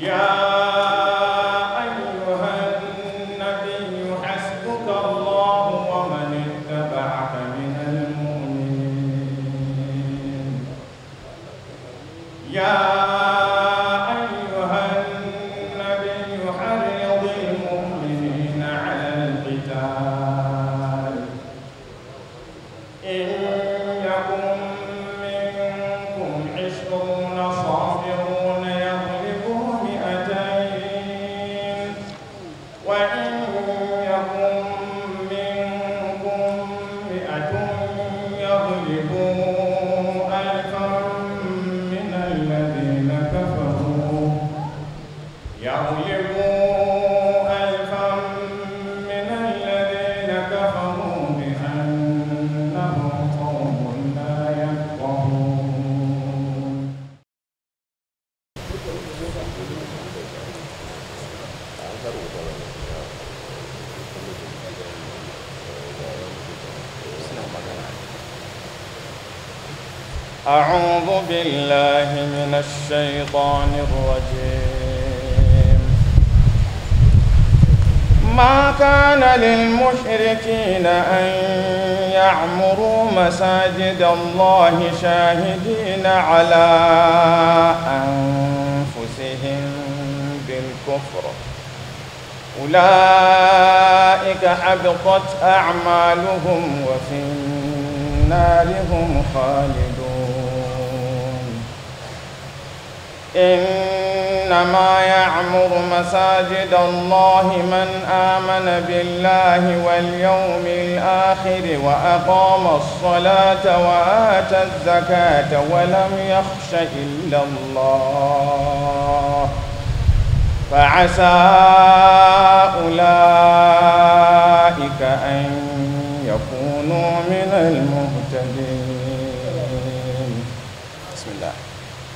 Yeah. الشيطان الرجيم ما كان للمشركين أن يعمروا مساجد الله شاهدين على أنفسهم بالكفر أولئك حبطت أعمالهم وفي النار هم خالدون إنما يعمر مساجد الله من آمن بالله واليوم الآخر وأقام الصلاة وآتى الزكاة ولم يخش إلا الله فعسى أولئك أن يكونوا من المهتدين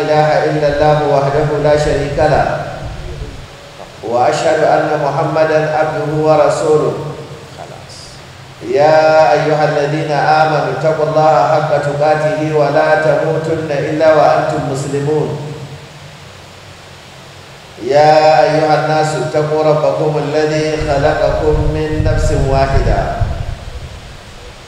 ilaha illallah wahdahu la sharika la wa ashhadu anna muhammadan abduhu wa rasuluh khalas ya ayyuhalladhina amanu taqullaha haqqa tuqatih wa la tamutunna illa wa antum muslimun ya ayyuhan nasu taqurabbakum alladhi khalaqakum nafsin wahidah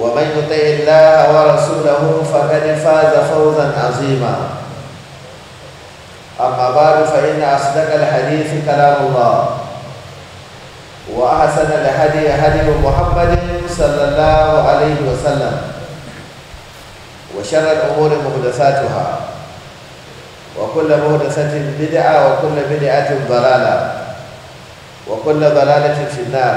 ومن يطع الله ورسوله فقد فاز فوزا عظيما أما بعد فإن أصدق الحديث كلام الله وأحسن الهدي هدي محمد صلى الله عليه وسلم وشر الأمور محدثاتها وكل محدثة بدعة وكل بدعة ضلالة وكل ضلالة في النار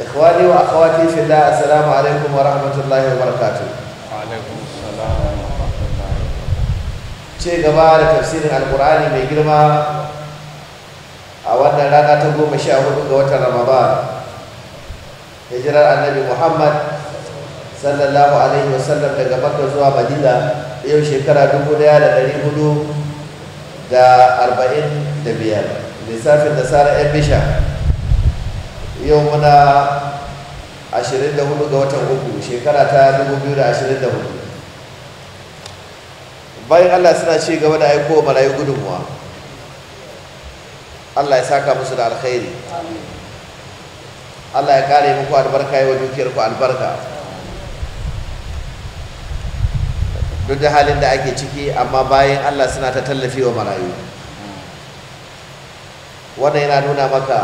ikhwani wa akhawati fi Allah alaikum wa rahmatullahi wa barakatuh ce gaba da tafsirin al'kur'ani mai girma a wannan rana ta goma sha hudu ga watan ramadan hijirar annabi muhammad sallallahu alaihi wasallam daga makka zuwa madina yau shekara dubu daya da dari hudu da arba'in da biyar lissafin da sara yan bisha yau muna 24 ga watan uku shekara ta 2024 bayan Allah suna ci gaba da aiko marayu gudunmuwa Allah ya saka musu da alkhairi Allah ya kare muku albarka yi wa dukiyarku albarka duk da halin da ake ciki amma bayan Allah suna ta tallafi wa marayu wannan yana nuna maka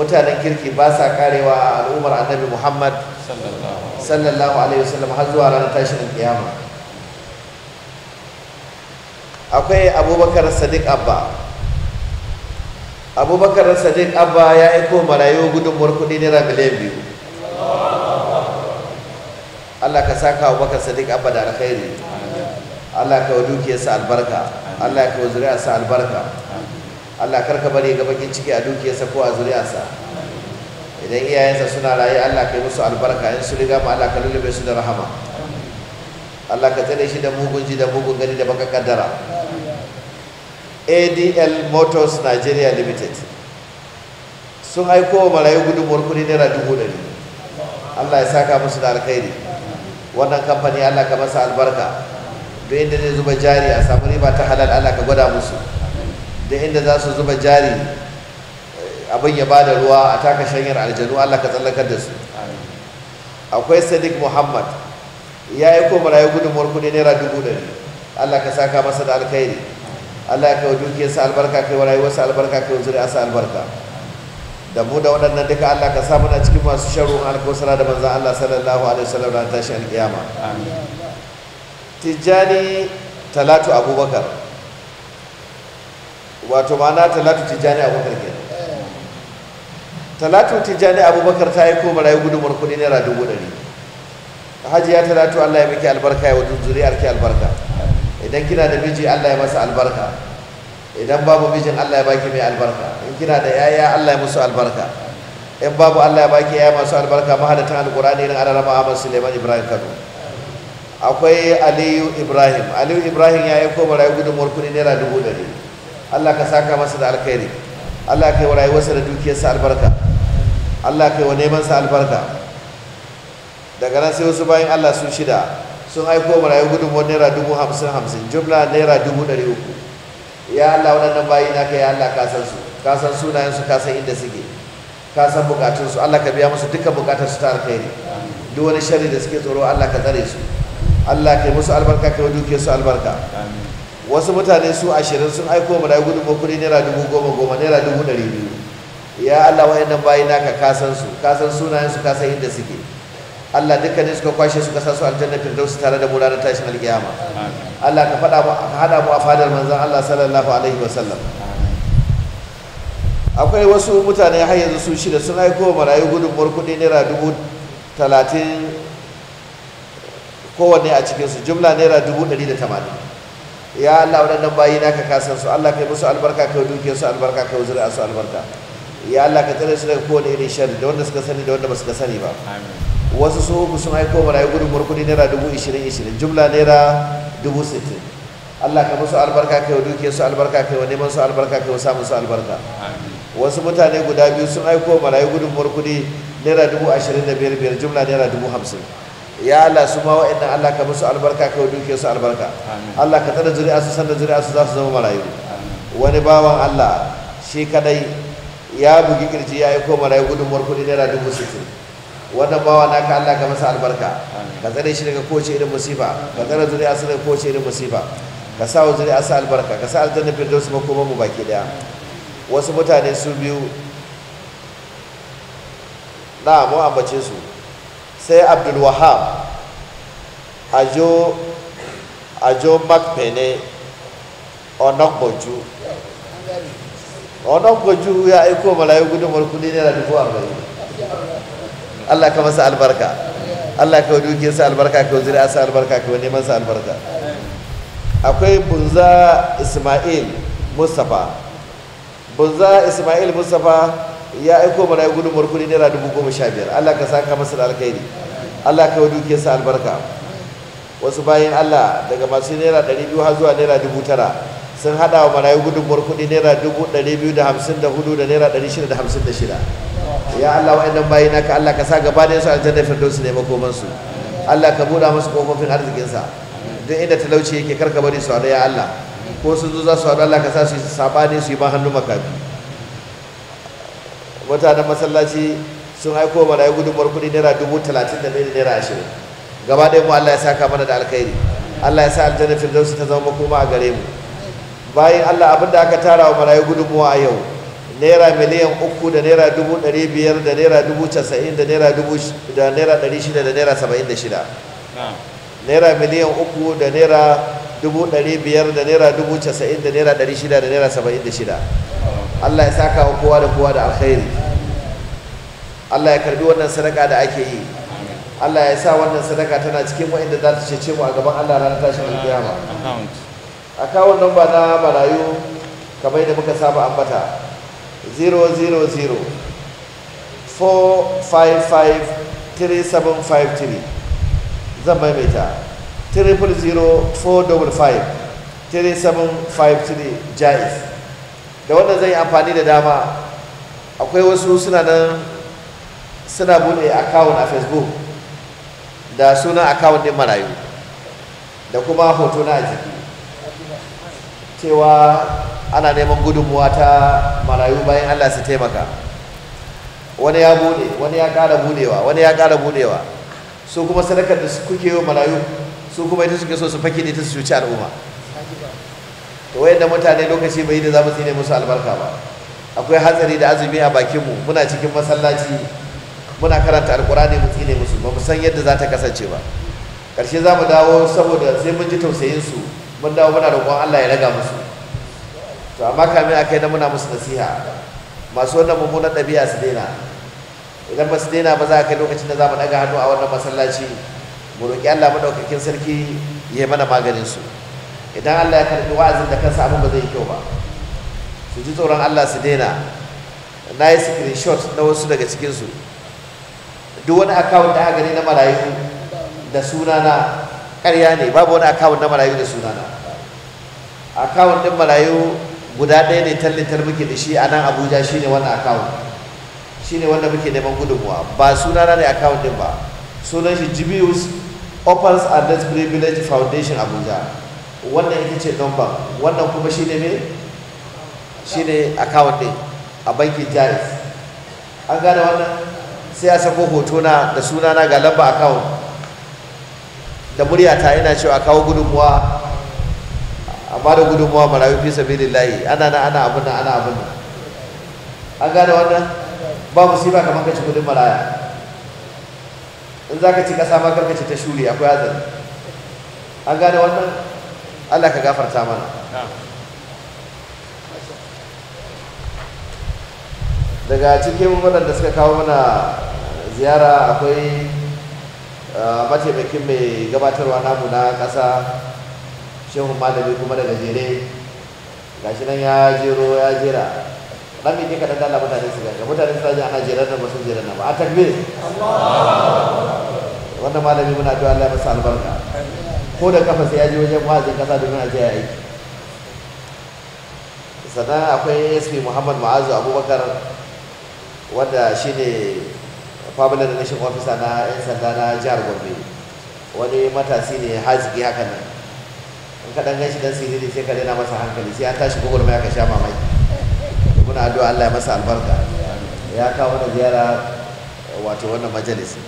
mutanen kirki ba sa karewa a al'ummar annabi muhammad sallallahu alaihi wasallam har zuwa ranar tashin kiyama akwai abubakar sadiq abba abubakar sadiq abba ya aiko marayu gudunmuwar kudi naira miliyan biyu allah ka saka abubakar sadiq abba da alkhairi allah ka wa dukiyarsa albarka allah ka wa zuriyarsa albarka Allah karka bari ga bakin ciki a dukiyarsa ko a zuriyarsa idan iyayensa suna raye Allah kai musu albarka in su riga ma Allah ka lullube su da rahama Allah ka tsare shi da mugun ji da mugun gani da baka kaddara ADL Motors Nigeria Limited sun aiko wa marayu gudunmuwar kudi naira dubu ɗari Allah ya saka musu da alkhairi wannan kamfani Allah ka masa albarka duk inda zai zuba jari a samu riba ta halal Allah ka gwada musu da inda za su zuba jari abin ya ba da ruwa a taka shanyar aljanu Allah ka tsallakar da su akwai sadiq muhammad ya yi ko marayu gudunmuwar kudi naira dubu dari. Allah ka saka masa da alkhairi Allah ya kai wa sa albarka kai wa rayuwarsa albarka kai wa zuri'arsa albarka da mu da waɗannan duka Allah ka sa muna cikin masu sharrun alkosara da manzan Allah sallallahu alaihi wasallam na tashi alkiyama tijjani talatu abubakar wato ma'ana talatu tijjani abubakar ke talatu tijjani abubakar ta yi koma rayu gudunmar kudi naira dubu ɗari ya talatu allah ya miki albarka ya wajen zuri'ar ki albarka idan kina da miji allah ya masa albarka idan babu mijin allah ya baki mai albarka in kina da yaya allah ya musu albarka in babu allah ya baki yaya masu albarka mahalatan alkurani irin alarama ahmad suleiman ibrahim kano akwai aliyu ibrahim aliyu ibrahim ya yi koma rayu gudunmuwar kudi naira dubu ɗari Allah ka saka masa da alkhairi Allah ka yi wa rayuwarsa da dukiyarsa albarka Allah ka yi wa nemansa albarka daga nan sai wasu bayan Allah su shida sun aiko marayu gudunmuwar naira dubu hamsin hamsin jumla naira dubu ɗari uku ya Allah waɗannan bayi na ka ya Allah ka san su ka san sunayensu ka san inda suke ka san bukatunsu Allah ka biya musu dukkan su ta alkhairi duk wani sharri da suke tsoro Allah ka tsare su Allah ka yi musu albarka ka yi dukiyarsu albarka amin wasu mutane su ashirin sun aiko mu dai gudun kuɗi naira dubu goma goma naira dubu ɗari biyu ya Allah wa'annan bayi naka ka kasan su kasan san sunayen su ka inda suke Allah dukkanin suka kwashe su ka su aljanna firdausi tare da mu ranar tashin alkiyama Allah ka faɗa mu ka hada mu a fadar manzon Allah sallallahu alaihi wa sallam. akwai wasu mutane har yanzu su shida sun aiko marayu gudunmuwar kuɗi naira dubu talatin kowanne a cikinsu jumla naira dubu ɗari da tamanin ya Allah waɗannan bayi ka kasan su Allah kai musu albarka kai dukiyar su albarka kai a su albarka ya Allah ka tare su daga kowane irin shari da wanda suka sani da wanda ba suka sani ba wasu su sun aiko marayu gudun kuɗi naira dubu ishirin ishirin jumla naira dubu sittin Allah ka musu albarka kai wa dukiyar su albarka kai wa neman su albarka kai wa samun su albarka wasu mutane guda biyu sun aiko marayu gudun kuɗi naira dubu ashirin da biyar biyar jumla naira dubu hamsin ya Allah su ma wa'annan Allah ka musu albarka ka duke su albarka Allah ka tada zuri'a su sanda zuri'a su za su zama marayu wani bawan Allah shi kadai ya bugi kirji ya yi aiko marayu gudunmuwar kuɗi naira dubu sittin wannan bawa ka Allah ka masa albarka ka tsare shi daga kowace irin musifa ka tsare zuri'a su daga kowace irin musifa ka sa wa zuri'a su albarka ka sa aljanna firdaus makoman mu baki daya wasu mutane su biyu na mu ambace su sai abdulwahab ajo ajo makpene onokboju onokboju ya aiko malayu gudun warkuli ne da dubu yi. Allah ka masa albarka Allah ka duke sa albarka ka zuri'a sa albarka ka neman sa albarka akwai bunza Ismail Mustapha bunza Ismail Mustapha ya aiko mana ya gudunmuwar kuɗi naira dubu goma sha biyar Allah ka saka masa da alkhairi Allah ka wadi ke sa albarka wasu bayan Allah daga masu naira ɗari biyu har zuwa naira dubu tara sun haɗa wa marayu gudunmuwar kuɗi naira dubu ɗari biyu da hamsin da hudu da naira ɗari shida da hamsin da shida ya Allah wa'annan bayi naka Allah ka sa gaba da su aljanna firdausi ne su Allah ka buɗa musu kofofin arzikinsa duk inda talauci yake karka bari su haɗu ya Allah ko sun zo za su haɗu Allah ka sa su yi saɓani su yi ban hannu makafi mutanen masallaci sun aiko mana ya gudunmuwar kuɗi naira dubu talatin da ɗaya naira ashirin gaba ɗaya mu Allah ya saka mana da alkhairi Allah ya sa aljanna firdausi ta zama makoma a gare mu bayan Allah abinda aka tara wa marayu gudunmuwa a yau naira miliyan uku da naira dubu ɗari biyar da naira dubu casa'in da naira dubu da naira ɗari shida da naira saba'in da shida naira miliyan uku da naira dubu ɗari biyar da naira dubu casa'in da naira ɗari shida da naira saba'in da shida Allah ya saka wa kowa da kowa da alkhairi Allah ya karbi wannan sadaka da ake yi Allah ya sa wannan sadaka tana cikin waɗanda za ta cece mu a gaban Allah ranar tashin alkiyama a kawon namba na marayu kamar da muka saba ambata 000 455 zan maimaita 000-455-3753 jais da wannan zai amfani da dama akwai wasu suna nan suna buɗe akawun a facebook da suna akawun din marayu da kuma hoto na jiki cewa ana neman gudunmuwa ta marayu bayan allah su taimaka wani ya bude wani ya ƙara buɗewa wani ya kara budewa su kuma sadakar da kuke yi marayu su kuma ita suke so su fake da ita su cuci al'umma to wayan da mutane lokaci bai da za mu tsine musu albarka ba akwai hatsari da azumi a bakinmu muna cikin masallaci muna karanta alkurani mu tsine musu ba mu san yadda za ta kasance ba karshe za mu dawo saboda sai mun ji tausayin su mun dawo muna roƙon Allah ya raga musu to amma kamin a kai na muna musu nasiha masu wannan mummunan ɗabi'a su daina idan ba su daina ba za a kai lokacin da za mu ɗaga hannu a wannan masallaci mu roƙi Allah maɗaukakin sarki ya yi mana maganin su idan Allah ya karɓi wa'azin da kansa abin ba zai yi kyau ba su ji tsoron Allah su daina na yi screenshot na wasu daga cikinsu duk wani akawun da aka na marayu da sunana ƙarya ne babu wani akawun na marayu da sunana akawun ɗin marayu guda ɗaya ne tallitar muke da shi a nan abuja shi ne wannan akawun ne wanda muke neman gudunmuwa ba sunana ne akawun ɗin ba sunan shi jibius opens and less privilege foundation abuja wannan ita ce number wannan kuma shi ne mai Shi ne akawun ɗin a bankin jaris an gane wannan sai ya sako hoto na da suna na ga lamba account da muryata ina cewa kawo gudunmuwa amma da gudunmuwa marayu fi sabilillahi ana na ana abin nan ana abin nan an gane wannan ba musiba kamar ka ci gudun maraya in za ka ci ƙasa ma karka ci ta shuri akwai azali an gane wannan Allah ka gafarta mana daga cikin waɗanda suka kawo mana ziyara akwai mataimakin mai gabatarwa namu na ƙasa shehu malami kuma daga jere shi nan ya jero ya jera ɗan mai kaɗan dala mutane su ganga mutane su taji ana jerar da masu jerar na ba a takbir wannan malami muna addu'a Allah ya masa albarka ko da kafa sai ya je wajen wajen ƙasa domin a je aiki sannan akwai sp muhammad ma'azu abubakar wanda shine family nation officer na 'yan sanda na jihar gombe wani matasi ne haziki haka nan in gan shi dan siriri sai ka daina masa hankali sai an tashi ya ka sha mamaki muna addu'a Allah ya masa albarka ya kawo mana ziyara wato wannan majalis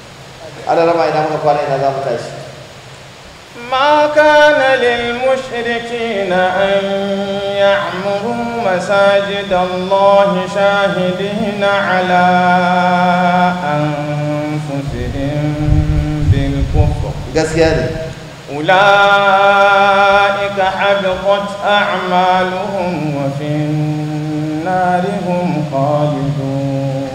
ana rama ina muka kwana ina za mu tashi ma kana lil mushrikina يعمروا مساجد الله شاهدين على أنفسهم بالكفر أولئك حبطت أعمالهم وفي النار هم خالدون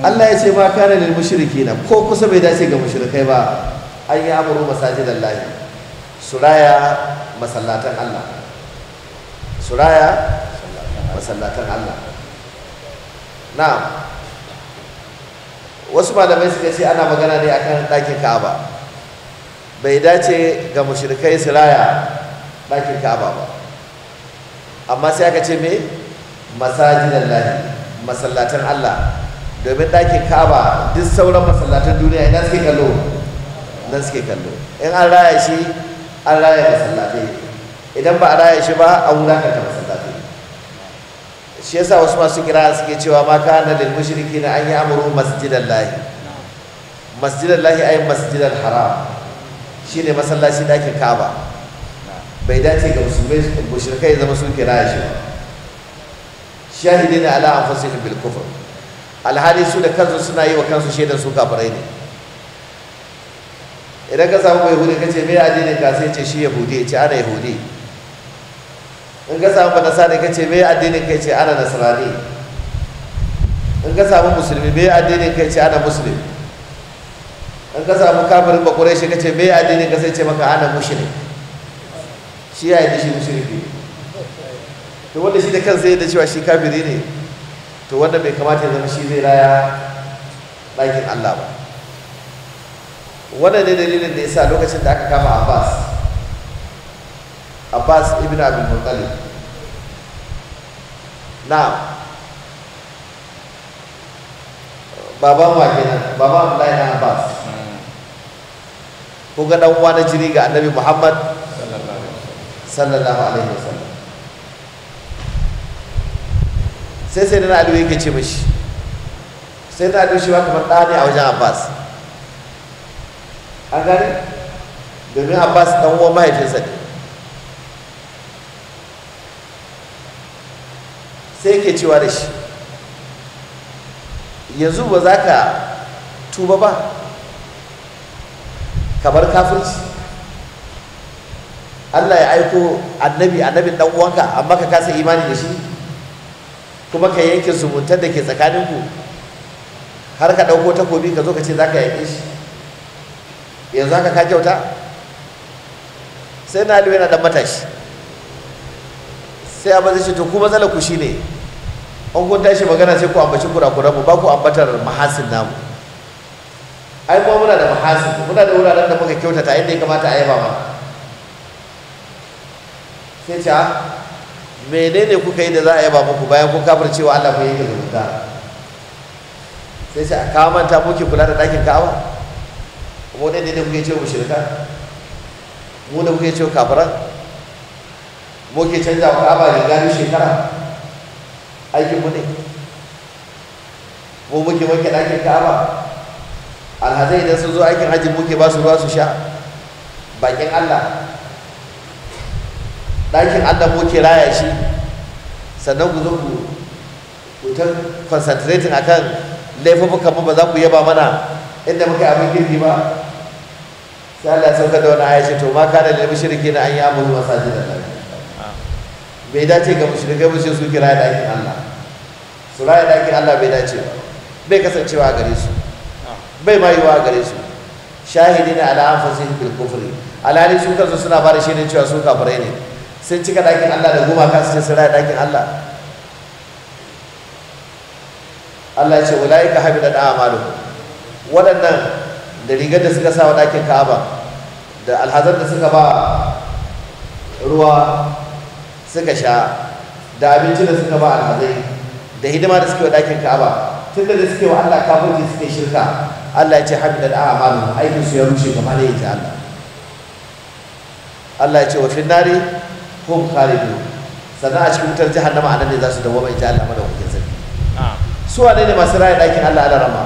Allah ya ce ba kare ne mushriki na ko kusa bai dace ga mushrikai ba an yi amuru masajidan Allah su raya masallatan Allah su raya masallatan Allah na wasu malamai suka ce ana magana ne akan ɗakin Ka'aba bai dace ga mushrikai su raya ɗakin Ka'aba ba amma sai aka ce me masajidan lahi masallatan Allah domin ɗakin Ka'aba duk sauran masallatan duniya ina suke kallo nan suke kallo in an raya shi an raya masallatai idan ba a raya shi ba a wulakanta masallaci shi yasa wasu masu kira suke cewa ma kana lil mushrikin an yi masjidan lahi a yi masjidan haram Shi ne masallaci ɗakin Kaba. bai dace ga musulmai kai zama sun kira shi ba ne ala anfusihim bil kufr alhali su da kansu suna yi wa kansu shaidan su kafirai ne idan ka samu mai hudu ce mai addinin ka sai ce shi yahudi ya ce ana yahudi in ka samu nasara ka ce mai addinin kai ce ana nasarani in ka samu musulmi mai addinin kai ce ana musulmi in ka samu kafirin bakwai shi ka ce mai addinin ka sai ce maka ana mushrik shi ya yi shi musulmi to wanda shi da kansa yadda cewa shi kafiri ne to wanda bai kamata ya zama shi zai raya ɗakin Allah ba wannan ne dalilin da ya sa lokacin da aka kama Abbas abbas ibn Abi muttalib na baban wa kenan baban abdullahi na abbas hmm. ko ga dan uwa na jiri ga annabi muhammad sallallahu alaihi wasallam sai sai na Ali yake ce mishi sai na aliyu shi ba kamar da ne a wajen abbas an gane domin abbas dan uwa mahaifinsa ne sai yake cewa da shi yanzu ba za ka tuba ba kamar kafirci Allah ya aiko annabi annabin dan uwanka amma ka kasa imani da shi kuma ka yanke zumuntar da ke tsakaninku har ka ɗauko takobi ka zo ka ce za ka yanke shi yanzu haka ka kyauta sai na yana ɗan matashi sai abin zai ce to ku matsala ku shine an kun tashi magana sai ku ambaci kurakuran mu ba ku ambatar mahasin namu ai kuma muna da mahasin muna da wuraren da muka kyautata inda ya kamata a yaba ma sai ce ah, menene kuka yi da za a yaba muku bayan kun kafar cewa Allah ku yi da zumunta sai ce a kamanta muke kula da ɗakin ka'aba kuma wani ne da kuke ce mu shirka mu da kuke ce kafiran mu ke canza wa kaba da gani shekara aikin mu ne mu muke wanke ɗakin kaba alhazai idan sun zo aikin hajji muke ba su ruwa su sha bakin allah ɗakin allah muke raya shi sannan ku zo ku wutar concentrating akan laifukan mu ba za ku yaba mana inda muka yi abin girki ba sai Allah ya sauka da wani ayyashi to ma kana shirki na an yi ya'budu masajidallahi bai dace ga mushrikai ba sai su kira ɗakin Allah su raya ɗakin Allah bai dace ba bai kasancewa a gare su bai ma a gare su shahidi ne ala anfusihim bil kufri alhali su kansu suna ba da shaidar cewa su kafirai ne sun cika dakin Allah da goma kansu ce su raya dakin Allah Allah ya ce ulaika habida da amalu waɗannan da rigar da suka sa wa ɗakin Ka'aba da alhazar da suka ba ruwa suka sha da abinci da suka ba alhazai da hidima da suke wa ɗakin ka'aba tun da suke wa Allah kafirci suke shirka Allah ya ce habida da a'malu aikin su ya rushe kamar da yake Allah Allah ya ce wa fi nari hum khalidu sannan a cikin wutar jahannama anan ne za su dawo mai ji Allah madaukakin sarki su wane ne masu raya ɗakin Allah ala rama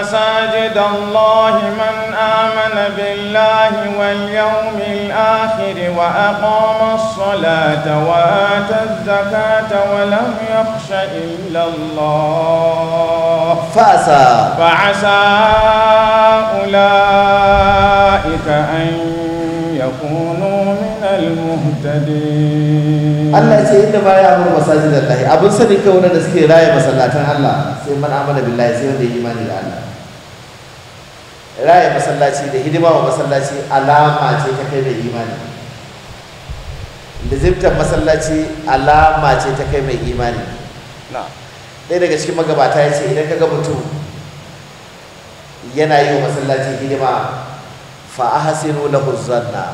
مساجد الله من آمن بالله واليوم الآخر وأقام الصلاة وآتى الزكاة ولم يخش إلا الله فعسى فعسى أولئك أن يكونوا من المهتدين الله سيدنا ما يأمر مساجد الله أبو سنك نسكي رأي مسلاة الله سيدنا من آمن بالله سيدنا إيمان الله raya masallaci da hidima wa masallaci alama ce ta kai mai imani lizimtar masallaci alama ce ta kai mai imani ɗaya daga cikin magabata ya ce idan kaga mutum yana yi wa masallaci hidima fa ahsinu lahu na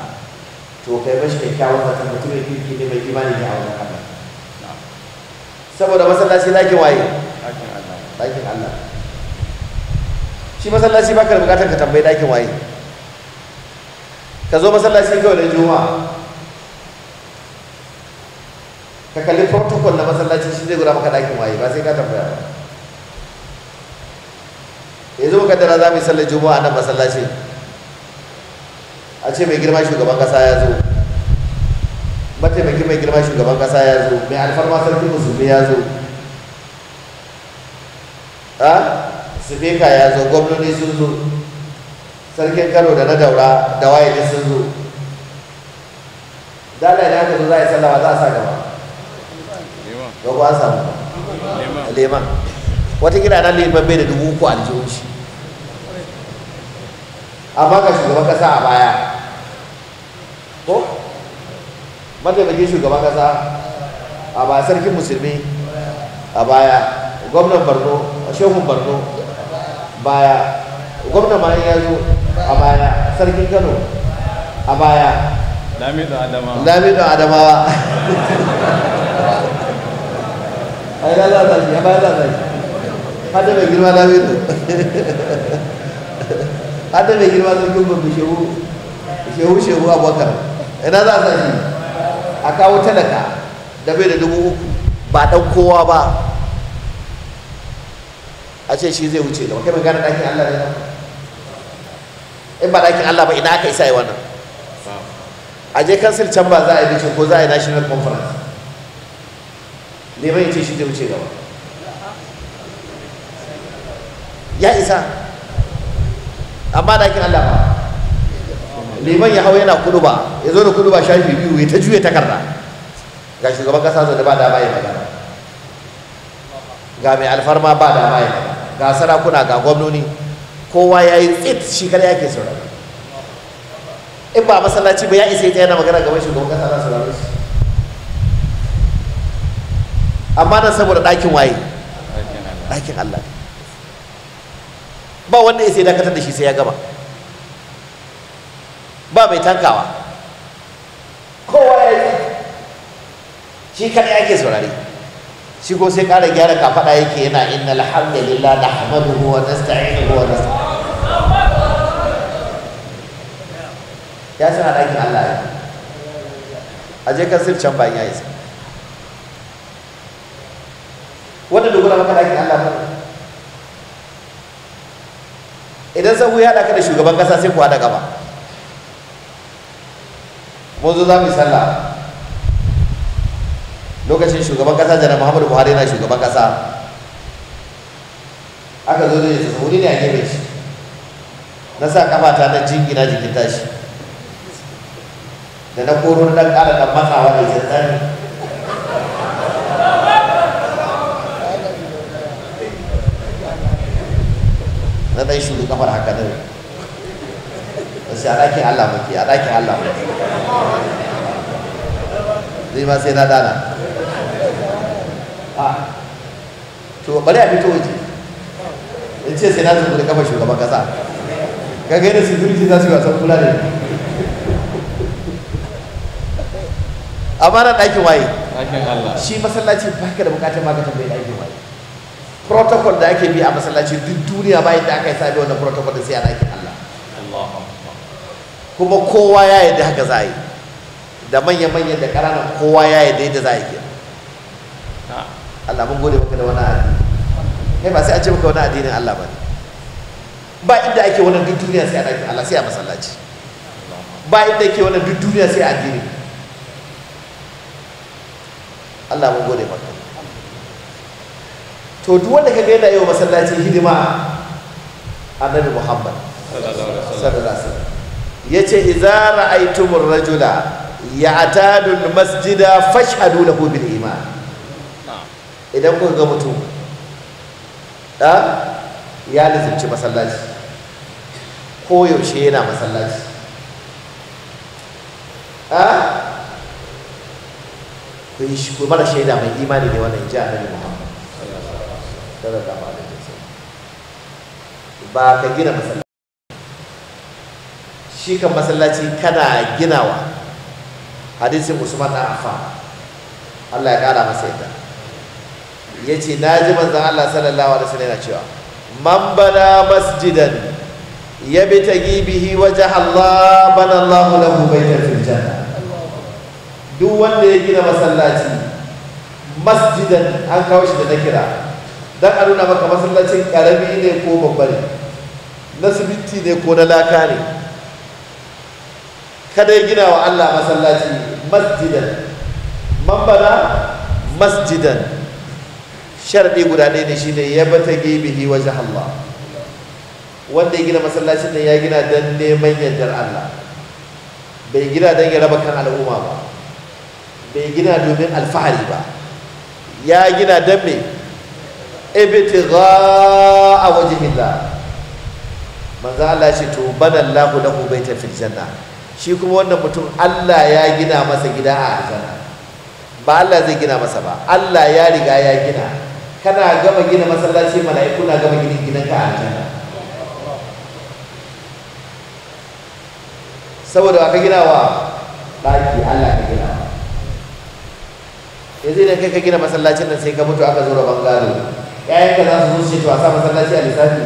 to kai mashi kyakkyawan zata mutum ya kirki ne mai imani ne a wani Allah saboda masallaci lakin waye lakin Allah shi masallaci ba ka da bukatar ka tambayi ɗakin waye ka zo masallaci kawai da juma ka kalli protocol na masallaci shi zai gura maka ɗakin waye ba sai ka tambaya ba yanzu muka dara za mu yi sallar a nan masallaci a ce mai girma shugaban kasa ya zo mataimakin mai girma shugaban kasa ya zo mai alfarma sarki musulmi ya zo a ah? sifika ya zo gwamnoni sun zo sarkin kano da na daura da waye sun zo dala ya ta zo za a yi sallama za a sa gaba ga kuwa samu leman gida nan leman bai da dubu uku a shi amma ga shugaban kasa a baya ko mataimakin shugaban kasa a ba sarkin musulmi a baya gwamnan a shehun barno baya gwamna ma ya zo a baya sarkin kano a baya lamido adamawa lamido a yi za a a baya za a hada mai girma lamido hada mai girma sarkin gobe shehu shehu shehu abubakar ina za a tashi a kawo talaka da bai da dubu uku ba dan kowa ba a ce shi zai wuce gaba kai mai gane ɗakin Allah ne in ba ɗakin Allah ba ina aka isa yi wannan a je kansil can ba za a yi bikin ko za a yi national conference neman ce shi zai wuce gaba ya isa amma ɗakin Allah ba liman ya hau yana kudu ba ya zo da kudu ba shafi biyu ya ta juya takarda ga shugaban kasa zo da ba da ba ya magana ga mai alfarma ba da ba ya magana ga sarakuna ga gwamnoni kowa ya yi tsit shi kada yake saurari in ba masallaci ba ya isa ya yana magana gaban shugaban kasa na saurari su amma nan saboda ɗakin waye ɗakin Allah ba wanda ya sai dakatar da shi sai ya gama ba mai tankawa kowa ya yi shi kada yake saurari shi ko sai kara gyara kafaɗa yake yana inna alhamdulillah na hamaduhu wa nasta'inuhu wa nasta'inuhu ya san a ɗakin Allah ya a je kasir can bayan ya isa wanda dogara maka ɗakin Allah ba idan sabu ya haɗa ka da shugaban ƙasa sai kuwa daga gaba mun zo za mu yi sallah lokacin shugaban kasa jana muhammadu buhari yana shugaban kasa aka zo da yasa wuri ne a gefe shi na sa ta na jingina jikin tashi da na koro na dan kara dan matsawa da zanzani na dan shudu kafar haka da wasu a ɗakin allah mafi a ɗakin allah mafi zai ma sai na dana to bari a fito waje in ce sai na zubu da kafa shugaban kasa kaga yadda security za su yi wasan kula da a mara ɗakin waye shi masallaci ba ka da bukatar ma ka tambayi ɗakin waye protocol da ake bi a masallaci duk duniya bayan da aka yi sabi wannan protocol da sai a ɗakin Allah kuma kowa ya yi da haka za a yi da manya-manyan da ƙananan kowa ya yi da yadda za a yi kenan Allah mun gode maka da wani addini kai ba sai a ce maka wani addinin Allah ba ba inda ake wannan duk duniya sai a Allah sai a masallaci ba inda ake wannan duk duniya sai a addini Allah mun gode maka to duk wanda kaga yana yau masallaci hidima annabi Muhammad sallallahu alaihi wasallam yace idza ra'aytumur rajula ya'tadu al-masjida fashhadu lahu bil iman idan kuka ga mutum da ya lizinci masallaci ko yaushe yana masallaci a ku yi shi mara shaida mai imani ne wannan ji annabi Muhammad sallallahu alaihi wasallam ba ka gina masallaci shi kan masallaci kana ginawa hadisin Usman na Affan Allah ya kara masa yadda ya ce na ji manzan Allah sallallahu alaihi wasallam yana cewa man bana masjidan ya bi ta gibihi waje Allah bana Allah lahu baitan janna duk wanda ya gina masallaci masjidan an kawo shi da na kira dan a nuna maka masallacin karami ne ko babbare na siminti ne ko na laka ne kada ya gina wa Allah masallaci masjidan man bana masjidan sharadi guda ɗaya ne ne ya bata gibihi waje Allah wanda ya gina masallacin nan ya gina don neman yardar Allah bai gina don ya raba kan al'umma ba bai gina domin alfahari ba ya gina don me ibtigha a hila manzo Allah shi to banallahu lahu baita fil janna shi kuma wannan mutum Allah ya gina masa gida a aljanna ba Allah zai gina masa ba Allah ya riga ya gina kana gama gina masallaci mala'iku na gama gina ka a aljanna saboda ka gina wa daki Allah ka gina ya zai da kai ka gina masallacin nan sai ka mutu aka zo bangare gado ƴaƴanka za su zo shi to a sa masallaci a lissafi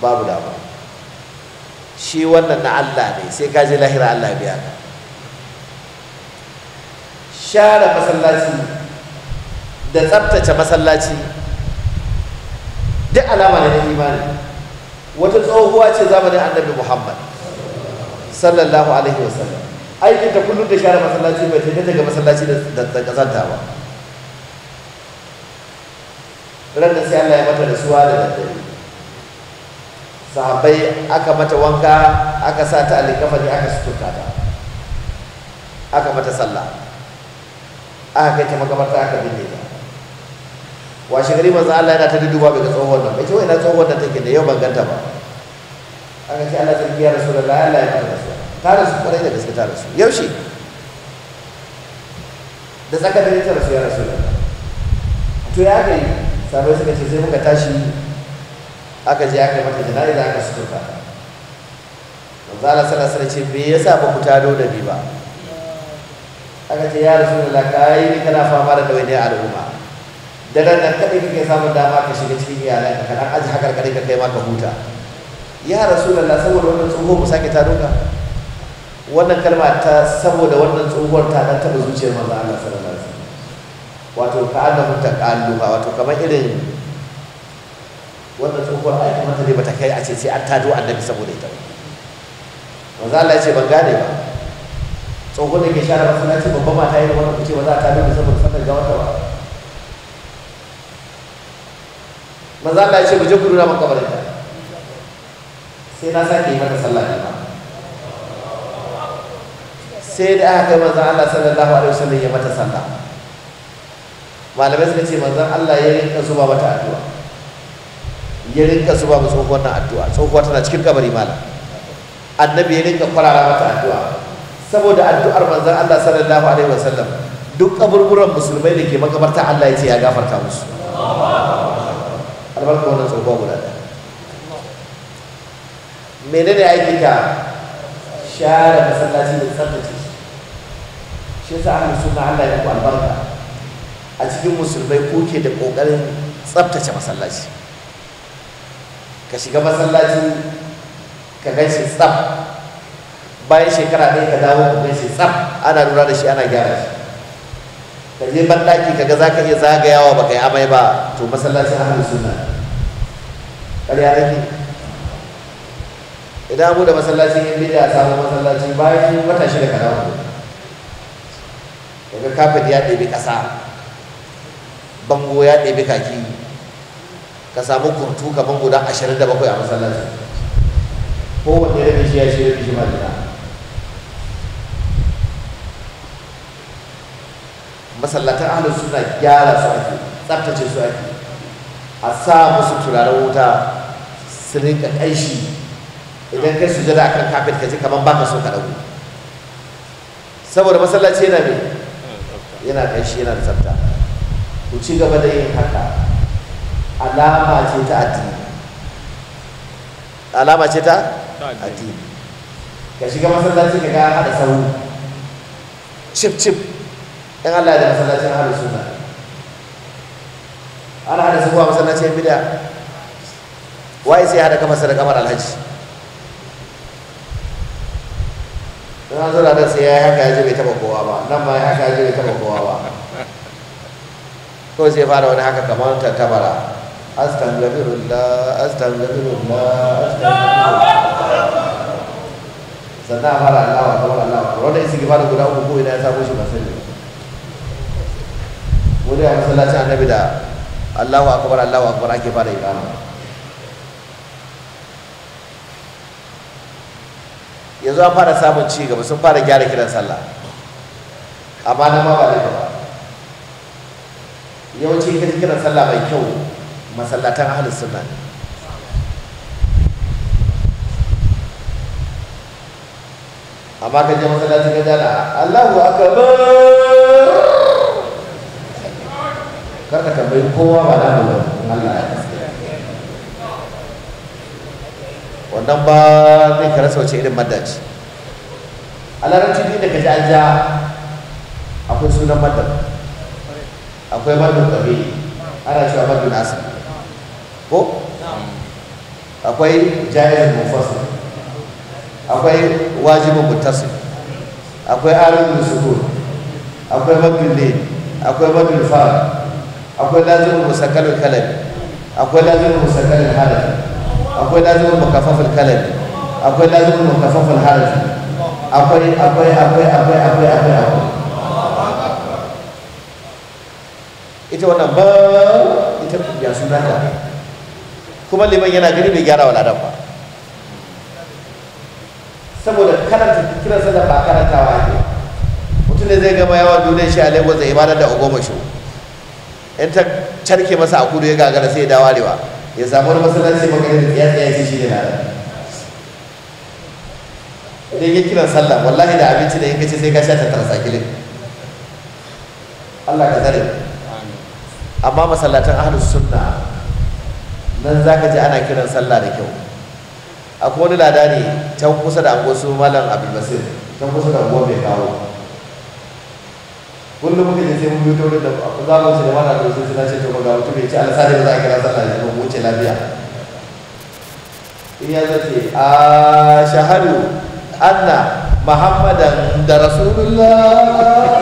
babu dama shi wannan na Allah ne sai ka je lahira Allah biya ka share masallaci da tsabtace masallaci duk alama ne na imani wata tsohuwa ce zamanin annabi muhammad sallallahu alaihi wasallam aikin ta kullum da share masallaci bai ta daga masallaci da kazanta ba ran da sai Allah ya mata da suwa da daddare sahabbai aka mata wanka aka sa ta alikafa ne aka suturta ta aka mata sallah aka kai ta makamarta aka binne ta washe gari manzo Allah yana ta duduwa bai ga tsohon nan bai ce wai na tsohon nan take da yau ban ganta ba aka ce Allah sarki ya rasu da Allah ya rasu ta rasu kwarai da gaske ta rasu yaushe da tsaka da ta rasu ya rasu to ya kai sabai suka ce sai muka tashi aka je aka mata jana'iza aka suturta manzo Allah sallallahu alaihi ce me yasa ba ku tado da bi ba aka ce ya rasu da kai kana fama da kawai al'umma daren nan kaɗai kake samun dama ka shiga cikin iyalan ka dan aji haka kaɗai ka kai ma ka huta ya rasulullah saboda wannan tsoho mu sake ta doka wannan kalma ta saboda wannan tsohuwar ta dan taɓa zuciyar manzo Allah sallallahu alaihi wasallam wato ka annahu taqalluha wato kamar irin wannan tsohuwar ai kamar ta dai bata kai a ce sai an tado annabi saboda ita manzo Allah ya ce ban gane ba tsohuwar da ke share masallaci babban mata irin wannan kuce ba za ta tado saboda sallar ga wata ba maza ka ce mu je ku nuna maka sai na sake yi maka sallah ne sai da aka kai manzo Allah sallallahu alaihi wasallam ya mata sallah malamai suka ce manzo Allah ya rinka zuba mata addu'a ya rinka zuba mu tsohuwar nan addu'a tsohuwa tana cikin kabari malam annabi ya rinka kwarara mata addu'a saboda addu'ar manzon Allah sallallahu alaihi wasallam duk kaburburan musulmai da ke makabarta Allah ya ce ya gafarta musu albarka wannan tsohuwa guda ɗaya ne aiki ka share masallaci da tsaftace shi shi an musu na Allah ya ku albarka a cikin musulmai kuke da ƙoƙarin tsaftace masallaci ka shiga masallaci ka gan shi tsaf bayan shekara ɗaya ka dawo ka gan shi tsaf ana lura da shi ana gyara shi ka je banɗaki kaga za ka iya zagayawa ba ka yi amai ba to masallacin ahalus sunna ƙarya nake idan abu da masallacin yin bida a samu masallaci bayan wata shida ka dawo daga kafet ya ɗebi ƙasa bango ya ɗebi kaki ka samu kurtu ka bango don ashirin da bakwai a masallaci kowanne rabi shi ya shi rabi shi ma jira masallatan ahlus suna gyara su ake tsaftace su ake a sa musu turaren wuta su rinka kaishi idan kai su sujada akan kafin ka ji kamar baka so ka dago saboda masallaci yana mai yana kaishi yana da tsafta ku ci gaba da yin haka alama ce ta addini alama ce ta addini ka shiga masallaci ka ga hada sauri cip cip in Allah da masallacin ahlus sunna ana hada su kuwa masallacin bid'a waye sai hada kamar sadaka mar alhaji don an zura da sai ya haka ya taba kowa ba nan ma ya haka ya taba kowa ba ko sai fara wani haka kamar tantabara astaghfirullah astaghfirullah astaghfirullah sannan a fara Allah wa kamar Allah wanda isi gifar guda uku ko ina ya samu shi ba wani a masallacin annabi da allahu akbar allahu akbar ake fara ikama yanzu an fara samun ci gaba sun fara gyara kiran sallah amma na ma ba da ba yawanci ka kiran sallah mai kyau masallatan ahlus sunna ne amma ka je masallacin ka jana Allahu akbar kar ka tambayi kowa ba na lura Allah ya gaskiya wannan ba zai ka rasa wace irin madaci a larabci ne da kaji an ja akwai sunan madar akwai madar kabe, ana cewa madar nasa. ko akwai jayar mufasa akwai wajibin mutasa. akwai arin musulun akwai madar akwai madar fara akwai lazimin musakalin kalabi akwai lazimin musakalin harafi akwai lazimin makafafin kalabi akwai lazimin makafafin harafi akwai akwai akwai akwai akwai akwai akwai ita wannan ba ita ya suna ta kuma liman yana gani bai gyara wa dafa saboda karanta kiran sallah ba karantawa ne mutum ne zai gama yawa duniya shi a lagos da ibada da shi. in ta carke masa a kudu ya gagara sai ya dawo arewa ya samu wani masallaci ya da tsiyatsi ya yi shi ne nada idan ya kiran sallah wallahi da abinci da yankaci sai ka sha tattara sakilin kilin Allah ka zare amma masallatan ahlus sunna nan za ka ji ana kiran sallah da kyau akwai wani ladani can kusa da anguwar su malam abdul basir can kusa da anguwar mai kawo kullum muka je sai mun biyo ta wurin da za mu ce da mana da sai na ce to ba ga mutum ya ce Allah sai da za a kira sallah ya mu wuce lafiya in ya zace a shahadu anna muhammadan da rasulullah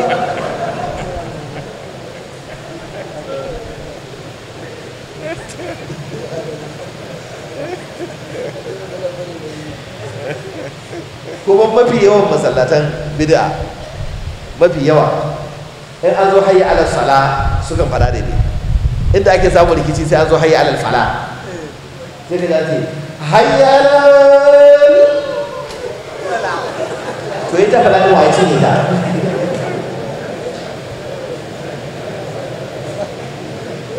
kuma mafi yawan masallatan bid'a mafi yawa in an zo hayi alal sala sukan fada daidai inda ake samun rikici sai an zo hayi alal fala sai ka zace hayya alal to ita fala ne wai cin ita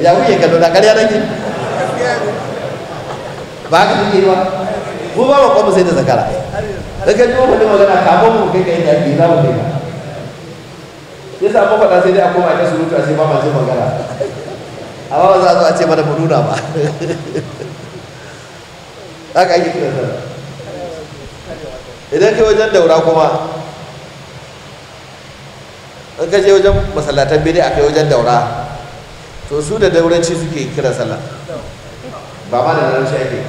ya kuke kallo na ƙarya nake ba ka kuke yi ba mu ba ko kwamu sai da zakara da ka ji mu faɗi magana kafin mu kai ka yi da ake za mu kai ka ya sa ko faɗa sai dai a koma ta surutu a sai ba ma ce magana amma ba za a zo a ce mana mu nuna ba haka ake kira sana idan kai wajen daura kuma an ka je wajen masallatan bidi a kai wajen daura to su da dauranci suke kira sallah ba ma da dauranci ake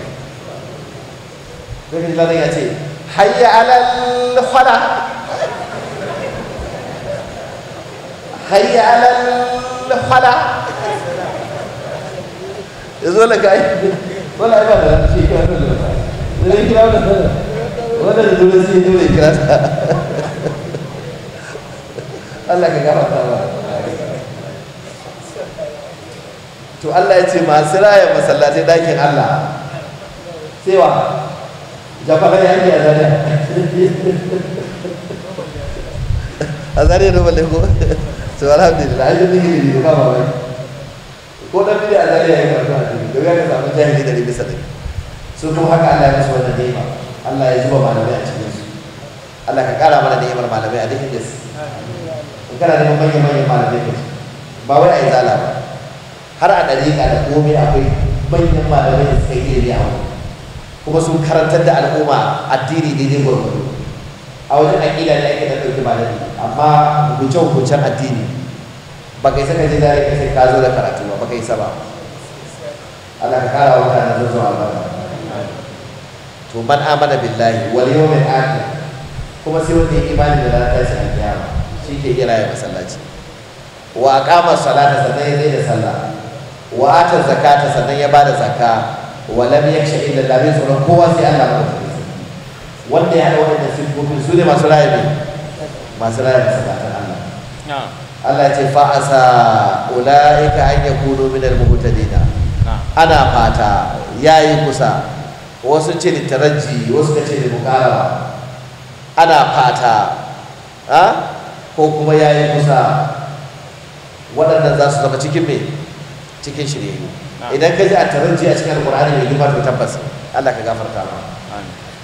zai ka ji lalai ya ce hayya alal khala هيا على fala يزول لك da ولا wala ba ولا الله to Allah ya ce masu raya masallatai dakin Allah sai wa jafarar a zariya a zariya so alhamdulillah an zai ilimi ne kama ko a ya bisa Allah Allah ya zuba malamai a cikin Allah mana malamai a malamai ba wai a yi har a dariƙa da komai akwai yi a wani kuma sun karantar da al'umma addini daidai gwargwado a wajen aƙida ne ake da malami amma hukuncin hukuncen addini ba kai saka ji zai kai ka zo da karatu ba ba kai saba Allah ka kara wata na zuwa albarka to man amana billahi wal mai ake. kuma sai wata ya imani da shi a alkiyama shi ke gina ya masallaci wa a kamar salata sannan ya zai da sallah wa ata zakata sannan ya bada zakka wa lam ya shi inda bai tsoron kowa sai Allah ba wanda ya haɗa waɗannan sifofin su ne masu rayu ne masu rayar salatin Allah Allah ce fa'asa ula'ika an yakunu min al dina. ana fata ya yi kusa wasu ce ni taraji wasu ce ni mukaraba ana fata ko kuma ya yi kusa waɗanda za su zama cikin mai cikin shirye. idan ka ji a taraji a cikin alƙur'ani mai girma to tabbas Allah ka gafarta ma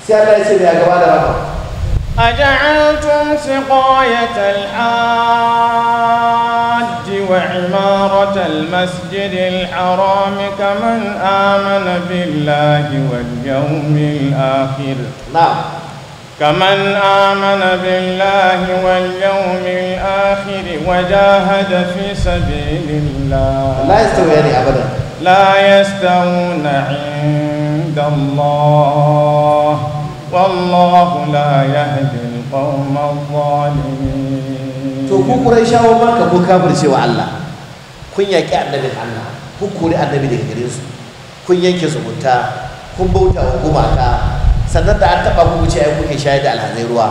sai Allah ya ce da ya gaba da maka أجعلتم سقاية الحاج وعمارة المسجد الحرام كمن آمن بالله واليوم الآخر نعم كمن آمن بالله واليوم الآخر وجاهد في سبيل الله لا يستوون يعني أبدا لا يستوون عند الله والله لا يهدي القوم الظالمين تو to ku ما كبو ka سوى الله Allah kun الله annabin Allah kun kore annabi daga gare kun yanke kun bauta wa gumaka sannan da an taɓa ku ai kuke shayar da alhazai ruwa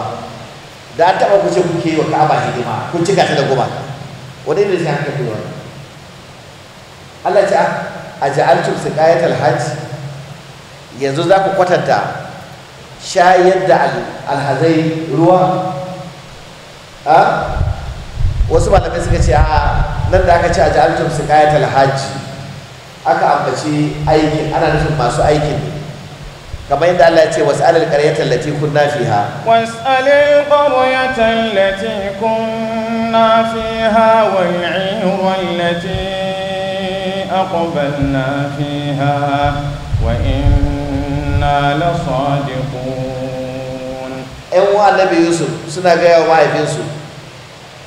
da an taɓa ku ce kuke yi wa Ka'aba hidima kun cika ta da gumaka Wani ne sai haka Allah ya ce a ah, ja'altum yanzu za ku kwatanta شاي يدعي على هذه الروان ها وسبع لبس كشي ها آه، نن ده كشي أجعل توم سكاية الحج أك أم كشي أيكين أنا نفهم ما سو أيكين كما يدعي الله تي واسأل القرية التي كنا فيها واسأل القرية التي كنا فيها والعير التي أقبلنا فيها وإن inna la sadiqun ƴan uwa annabi yusuf suna gaya wa mahaifinsu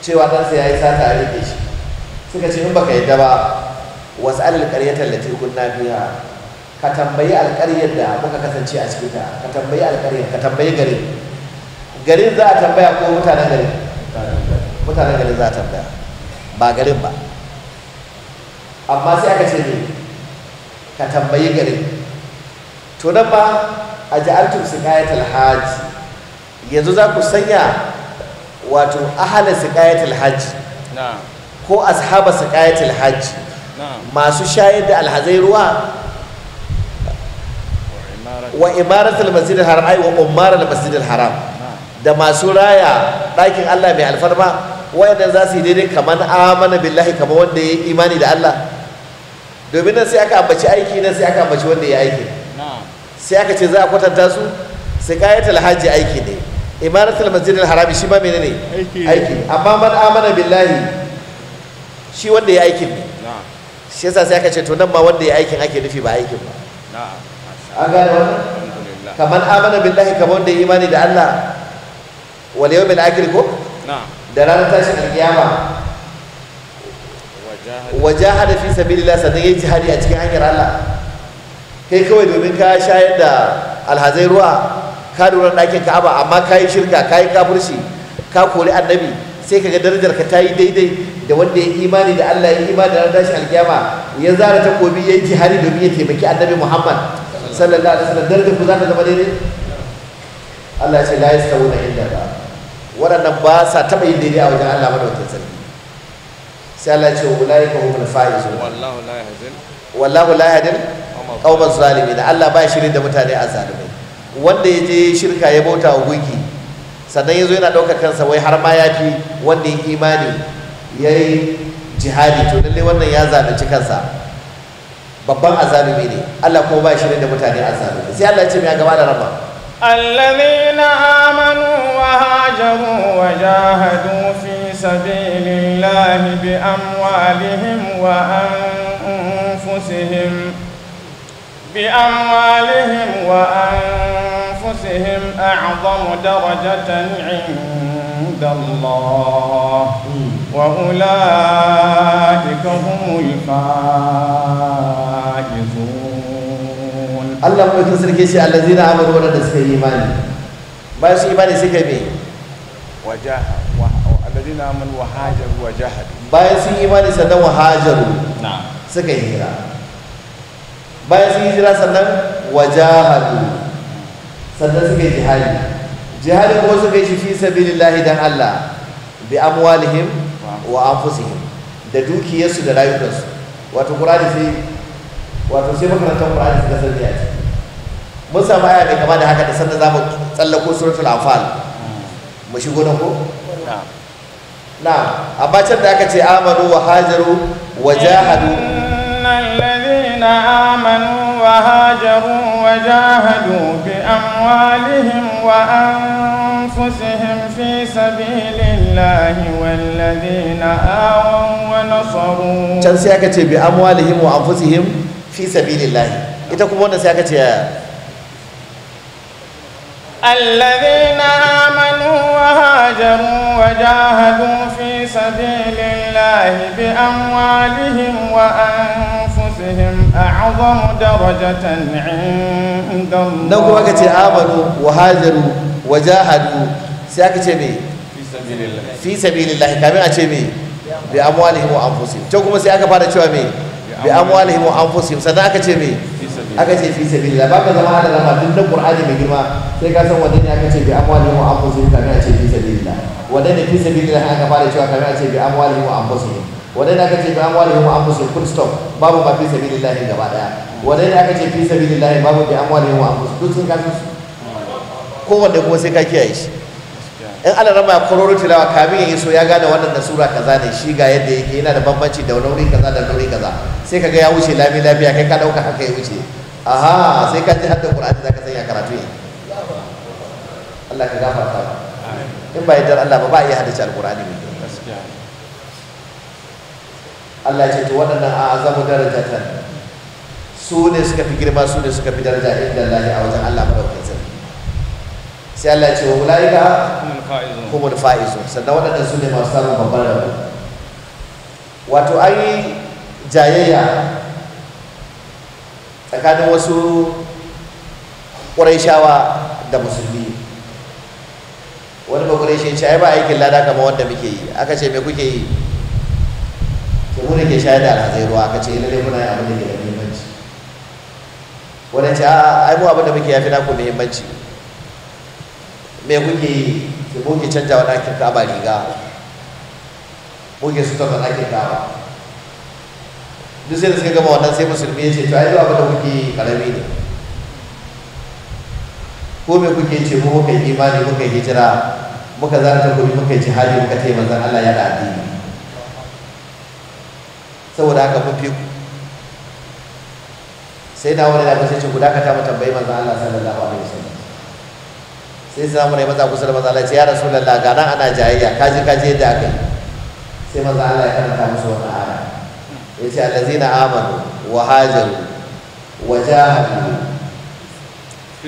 cewa ɗansa ya yi sata a rike shi suka ce in baka yadda ba wasu alal ƙaryatar da tekun na biya ka tambayi alƙaryar da muka kasance a cikinta ka tambayi alƙaryar ka tambayi garin garin za a tambaya ko mutanen garin mutanen garin za a tambaya ba garin ba amma sai aka ce ne ka tambayi garin to nan ba a su siqayatal hajj yanzu za ku sanya wato ahala siqayatal hajj ko ashaba siqayatal hajj masu shayar da alhazai ruwa wa imaratul masjid haram wa ummaratul masjid haram da masu raya ɗakin Allah mai alfarma wayannan za su yi daidai kamar amana billahi kamar wanda ya imani da Allah domin nan sai aka ambaci aiki nan sai aka ambaci wanda ya aiki sai aka ce za a kwatanta su sai kayatul hajji aiki ne imanatul masjid al-harami shi ma menene aiki amma man amana billahi shi wanda ya aikin ne shi yasa sai aka ce to nan ma wanda ya aikin ake nufi ba aikin ba an gane wannan kamar amana billahi kamar wanda ya imani da Allah wal mai akhir ko da ranar tashin wajaha da fi sannan ya yi jihadi a cikin hanyar Allah kai kawai domin ka shayar da alhazai ruwa ka lura ɗakin ka'aba amma ka yi shirka ka yi kafirci ka kori annabi sai ka ga darajar ka ta yi daidai da wanda ya imani da Allah ya imani da tashi alkiyama ya zara takobi ya yi jihari domin ya taimaki annabi Muhammad sallallahu alaihi wasallam darajar ku za ta zama daidai Allah ya ce la na illa ba waɗannan ba sa taɓa yin daidai a wajen Allah madaukakin sarki sai Allah ya ce wa ulaika humul faizun wallahu la yahdil wallahu la yahdil qauman zalimi da Allah ba shirin da mutane a zalimai wanda ya je shirka ya bauta wa guki sannan yazo yana ɗaukar kansa wai har ma ya fi wanda ya imani yi jihadi to lalle wannan ya zalunci kansa babban azalumi ne Allah kuma ba shirin da mutane a sai Allah ya ce me ya gaba da rabba الذين wa وهاجروا وجاهدوا في سبيل الله wa anfusihim بأموالهم وأنفسهم أعظم درجة عند الله وأولئك هم الفائزون الله ممكن سركيشي الذين آمنوا ولا تسكي إيماني ما يسكي إيماني سكي بي وجاه الذين آمنوا وهاجروا وجاهدوا ما يسكي إيماني سنة وهاجروا نعم سكي هيرا bayan sun hijira sannan wajahadu sannan suka yi jihadi jihadi kuma suka yi shi fi sabilillahi dan Allah bi amwalihim wa anfusihim da dukiyarsu da rayukansu wato qur'ani sai wato sai makarantar qur'ani suka sani a ciki mun samu aya mai kama da haka da sannan za mu tsallako suratul anfal mu shigo nan ko na'am amma can da aka ce amanu wa hajaru wa jahadu آمنوا وهاجروا وجاهدوا بأموالهم وأنفسهم في سبيل الله والذين آووا ونصروا كان سيكتي بأموالهم وأنفسهم في سبيل الله إتكم سيكتي سيأكتي الذين آمنوا وهاجروا وجاهدوا في سبيل الله بأموالهم وأنفسهم أعظم درجة عند الله نقول وقت آمنوا وهاجروا وجاهدوا سيأكل me fi sabilillah kamin a ce me bi amwalihim wa anfusihim to kuma sai aka fara cewa me bi amwalihim wa anfusihim sannan aka ce me aka ce fi sabilillah baka zama da lama tun da qur'ani mai girma sai ka san wanne aka ce bi amwalihim wa anfusihim kamin a ce fi sabilillah fi fara ce bi wa wadai da aka ce bi amwalihim wa anfusihim full stop babu ma fi sabilillahi gaba daya wadai da aka ce fi sabilillahi babu bi amwalihim wa anfusihim duk sun su. Ko wanda kuma sai ka kiyaye shi in ana rama ya kororo tilawa kamin ya iso ya gane wannan na sura kaza ne shi ga yadda yake yana da bambanci da wani kaza da wani kaza sai ka ga ya wuce lami lafiya kai ka dauka haka ya wuce aha sai ka ji hadda qur'ani zaka sanya karatu yi Allah ka gafarta in ba yadda Allah ba ba iya haddace alqur'ani ne gaskiya Allah ce to waɗannan a azamu ta su ne suka fi girma su ne suka fi daraja inda Allah a wajen Allah madaukakin sarki sai Allah ce wa kuma da fa'izu sannan waɗannan su ne masu samun babban rabo wato an yi jayayya tsakanin wasu ƙuraishawa da musulmi wani ba ƙuraishe ce ai ba aikin lada kamar wanda muke yi aka ce me kuke yi kuma da ke shayar da alhazai ruwa ka ce lalle muna yin abin da ke da muhimmanci wani ce a aibu abin da muke yafi naku muhimmanci me kuke yi ki muke canja wani ake kaba riga muke sutar da ake kaba duk sai da suka gama wannan sai musulmi ya ce to aibu abin da kuke yi karami ne ko me kuke ce mu muka yi imani muka yi hijira muka zara ta muka yi jihadi muka taimaka Allah ya da addini saboda haka mun fi ku sai na wani lafi sai ce guda ka ta tambayi manzan Allah sallallahu alaihi wasallam sai sai mu maza kusa da maza Allah ce ya rasulullahi ga nan ana jayayya kaji kaji yadda aka yi sai maza Allah ya karanta musu wannan aya ya ce allazina amanu wa hajaru wa jahadu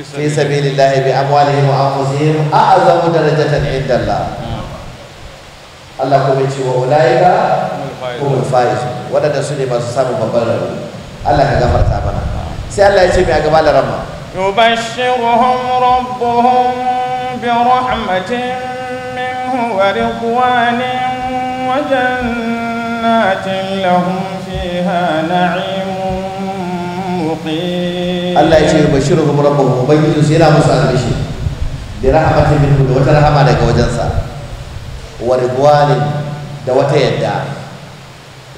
fi sabilillahi bi amwalihim wa anfusihim a'zamu darajatan inda Allah Allah kuma ce wa ulaika humul faiz wadanda su ne masu samun babban rabo Allah ka gafarta mana sai Allah ya ce mai a gaba da rama yubashshiruhum rabbuhum bi rahmatin minhu wa ridwanin wa jannatin lahum fiha na'imun muqim Allah ya ce yubashshiruhum rabbuhum ubangiji sai yana musu albishi bi rahmatin minhu da wata rahama daga wajensa wa ridwanin da wata yadda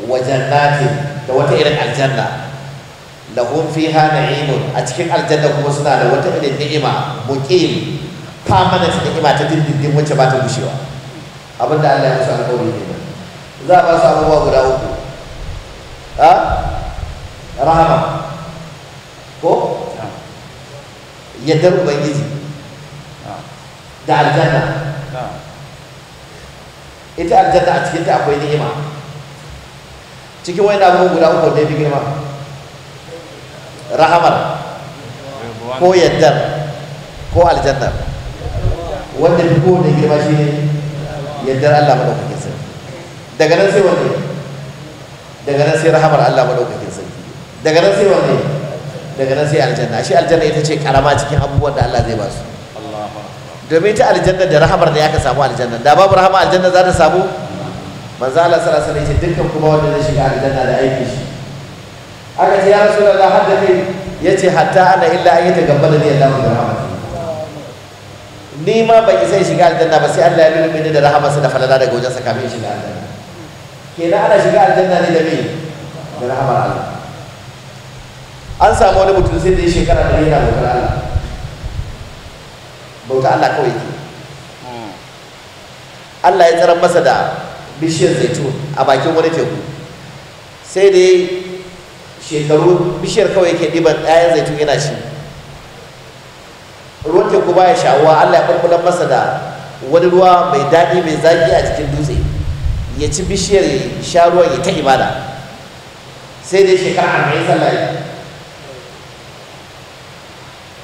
wa jannatin da wata irin aljanna lahum fiha na'imun a cikin aljanna kuma suna da wata irin ni'ima muqim permanent ni'ima ta dindindin wacce ba ta gushewa abinda Allah ya musu alƙawari ne za a ba su abubuwa guda uku ha ah? rahama ko yaddar ubangiji da aljanna ita aljanna a cikinta akwai ni'ima cikin wani abubuwan guda uku da ya fi girma rahamar ko yaddar ko aljannar wanda fi ko da girma shi ne yaddar Allah maɗaukakin sarki daga nan sai wanne daga nan sai rahamar Allah maɗaukakin sarki daga nan sai wanne daga nan sai aljanna shi aljanna ita ce karama cikin abubuwan da Allah zai ba su domin ta aljanna da rahamar da ya ka samu aljanna da babu rahama aljanna za ta samu manzo Allah sallallahu alaihi wasallam dukkan kuma wanda zai shiga aljanna da aiki shi aka ce ya rasulullah hadda kai yace hatta ana illa an yatagabbala ni Allah da rahama ni ma ki isa shiga aljanna ba sai Allah ya lulluɓe mini da sai da falala daga wajen sa kafin shiga aljanna kenan ana shiga aljanna ne da me da rahamar Allah an samu wani mutum sai da ya shekara da yana Allah bauta Allah kawai ke hmm. Allah ya tsarar masa da bishiyar zaitun a bakin wani teku sai dai shekaru bishiyar kawai ke ɗiban ɗayan zaitun yana shi ruwan teku baya shawuwa Allah ya ɓulɓulan masa da wani ruwa mai daɗi mai zaƙi a cikin dutse ya ci bishiyar ya sha ruwan ya ta ibada sai dai shekara mai sallah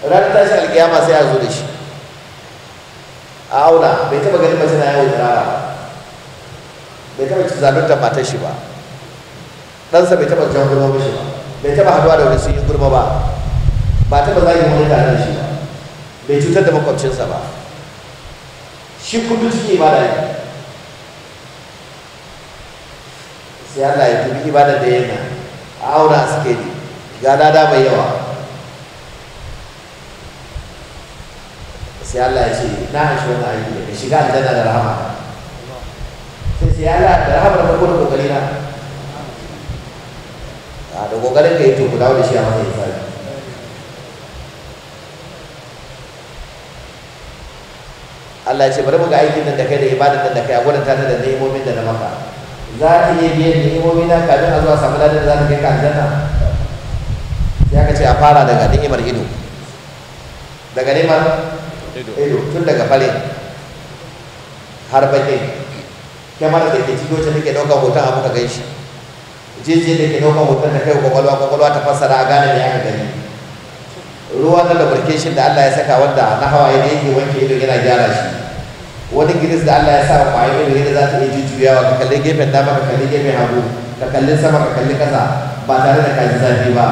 ranar tashi alƙiyama sai a zo da shi a auna bai taba ganin mace na yawon rara bai taba ta matar shi ba ɗansa bai taba jan gurma shi ba bai taba haduwa da wani sun yi gurma ba ba taba yi wani tare da shi ba bai cutar da makwabcinsa ba shi kudu suke ibada ne sai Allah ya tubi ibadar da yana a auna suke ne ga da mai yawa sai Allah ya ce na hanshi wannan aiki daga shiga aljanna da rahama sai sai Allah da rahama da farko da kokari na a da kokarin ka yi to ku dawo da shi a masa fari Allah ya ce bari mu ga aikin nan da kai da ibadar nan da kai a gurin ta da ni'imomin da na maka za a iya biyan ni'imomi na kafin a zuwa samu ladan da za ta kai ka aljanna sai aka ce a fara daga ni'imar ido daga ni'imar ido tun daga fare har baƙi kyamara da ke cikin wacce take ɗaukar hoton abu ka gaishe. jeje da ke ɗaukar hoton da kai kwakwalwa kwakwalwa ta fassara a gane da ya gani ruwa na lubrication da Allah ya saka wanda na hawaye ne yake wanke ido yana gyara shi wani giris da Allah ya sa wa kwayoyin ido yadda za ta iya jujjuyawa ka kalli gefen dama ka kalli gefen hagu ka kalli sama ka kalli ƙasa ba tare da kaji zafi ba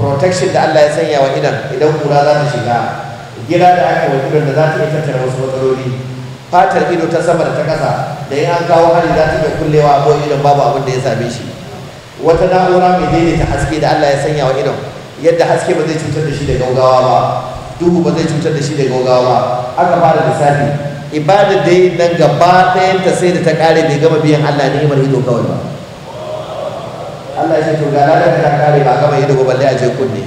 protection da Allah ya sanya wa idan idan kura za ta shiga gida da aka wa da za ta iya tattara wasu matsaloli fatar ido ta sama da ta kasa da in an kawo hari za ta iya kullewa a bayan idon babu abin da ya same shi wata na'ura mai daidaita haske da Allah ya sanya wa idon yadda haske ba zai cutar da shi da gaugawa ba duhu ba zai cutar da shi da gaugawa ba aka fara lissafi da yi nan gaba ɗayanta sai da ta ƙare bai gama biyan Allah ni'imar ido kawai ba Allah ya ce to ga da ta ƙare ba gama ido ba balle a je kunne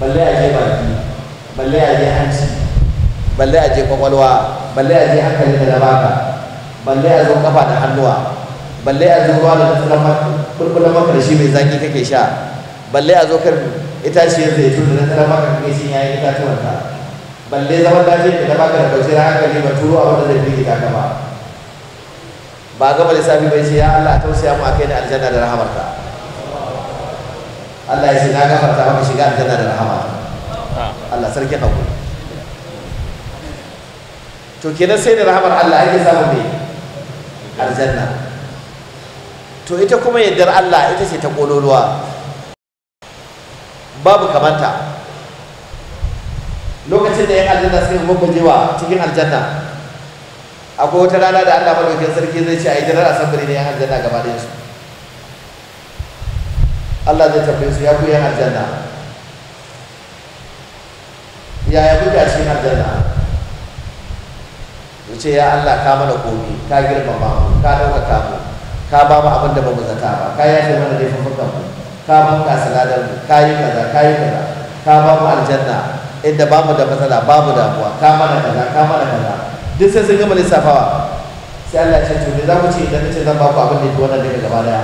balle a je baki balle a je hanci balle a je kwakwalwa balle a je hankali da labaka balle a zo kafa da hannuwa balle a zo ruwa da kulkulan maka da shi mai zaki kake sha balle a zo yadda ya zaitun da kai sun yayi shi tuwan ta balle zaman lafiyar da baka da kwanciyar hankali ba turo a wanda zai fi ka ba ba gama lissafi bai ce ya Allah a tausaya mu a kai da aljanna da rahamarka Allah ya ce na gafarta maka shiga aljanna da rahama Allah sarki hakuri to kenan sai da rahamar Allah ake samu ne aljanna to ita kuma yardar Allah ita ce ta kololuwa babu kamanta lokacin da yan aljanna suka wa cikin aljanna akwai wata rana da Allah madaukakin sarki zai ce a yi jirar asambari da yan aljanna gaba da su Allah zai tambaye su ya ku yan aljanna ya kuke a cikin aljanna ya ce ya Allah ka mana gobe ka girmama mu ka ɗaukaka mu ka ba mu abin da ba mu zata ba ka yafe mana laifukan mu ka ba mu kasaladar mu ka yi kaza ka yi kaza ka ba mu aljanna inda ba mu da matsala ba mu damuwa ka mana kaza ka mana kaza duk sai sun gama lissafawa sai Allah ya ce to me za ku ce idan ce zan ba ku abin da ya fi wannan daga gaba daya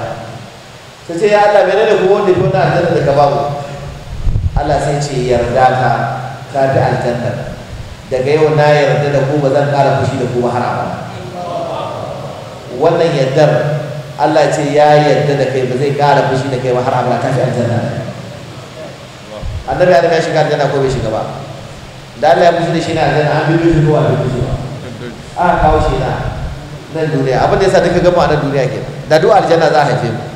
ta ce ya Allah mene ne ko wanda ko na aljanna daga babu Allah sai ce yarda ta ta fi aljanna daga yau na yarda da ko ba zan ƙara fushi da kuma ba har abada wannan yardar Allah ce ya yarda da kai ba zai ƙara fushi da kai ba har abada ta fi aljanna annabi adam ya shiga aljanna ko bai shiga ba da Allah ya fushi da shi na aljanna an bibiyo shi ko an bibiyo ba a kawo shi na nan duniya abin da yasa duka gama a nan duniya ke da duk aljanna za a haife mu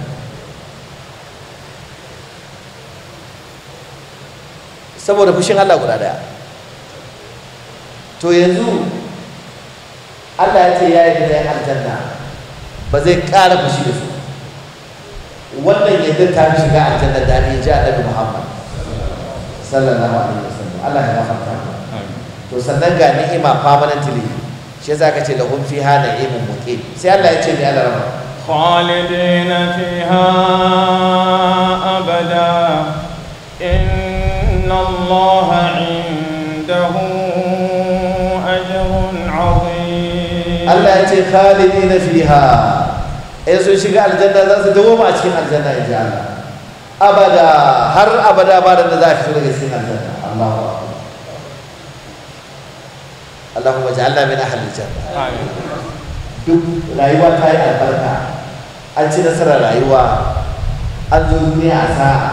saboda fushin Allah guda daya to yanzu Allah ya ce ya yi da aljanna ba zai ƙara fushi da su wannan yadda ta fi shiga aljanna da ne ji annabi Muhammad sallallahu alaihi wasallam Allah ya gafarta to sannan ga ni'ima permanently shi yasa kace lahum fiha na'imun muqim sai Allah ya ce ni Allah rahma خالدين فيها أبدا إن الله عنده أجر عظيم الله يأتي خالدين فيها إذا شقى الجنة ذات دوم أشكين الجنة إجعلها أبدا هر أبدا بعد ذلك سورة يسين الجنة الله أكبر اللهم اجعلنا من أهل الجنة آمين duk rayuwa ta yi albarka an ci nasarar rayuwa an zo duniya a sa'a